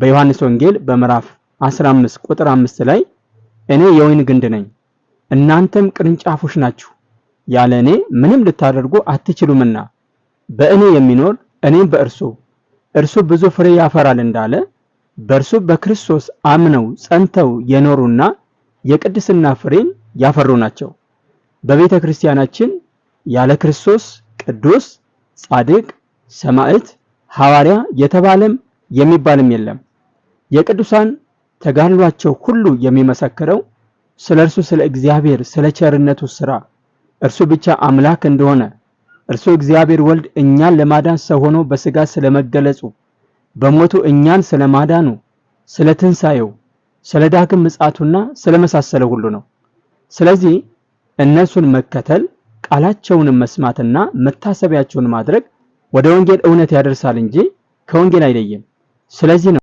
በዮሐንስ ወንጌል በምዕራፍ 15 ቁጥር 5 ላይ እኔ የወይን ግንድ ነኝ፣ እናንተም ቅርንጫፎች ናችሁ፣ ያለ እኔ ምንም ልታደርጉ አትችሉምና በእኔ የሚኖር እኔም በእርሱ እርሱ ብዙ ፍሬ ያፈራል እንዳለ በእርሱ በክርስቶስ አምነው ጸንተው የኖሩና የቅድስና ፍሬን ያፈሩ ናቸው። በቤተ ክርስቲያናችን ያለ ክርስቶስ ቅዱስ፣ ጻድቅ፣ ሰማዕት፣ ሐዋርያ የተባለም የሚባልም የለም። የቅዱሳን ተጋድሏቸው ሁሉ የሚመሰክረው ስለ እርሱ ስለ እግዚአብሔር ስለ ቸርነቱ ስራ እርሱ ብቻ አምላክ እንደሆነ እርሱ እግዚአብሔር ወልድ እኛን ለማዳን ሰው ሆኖ በስጋ ስለመገለጹ በሞቱ እኛን ስለማዳኑ ስለ ትንሣኤው ስለ ዳግም ምጽአቱና ስለመሳሰለ ሁሉ ነው። ስለዚህ እነሱን መከተል ቃላቸውንም መስማትና መታሰቢያቸውን ማድረግ ወደ ወንጌል እውነት ያደርሳል እንጂ ከወንጌል አይለይም። ስለዚህ ነው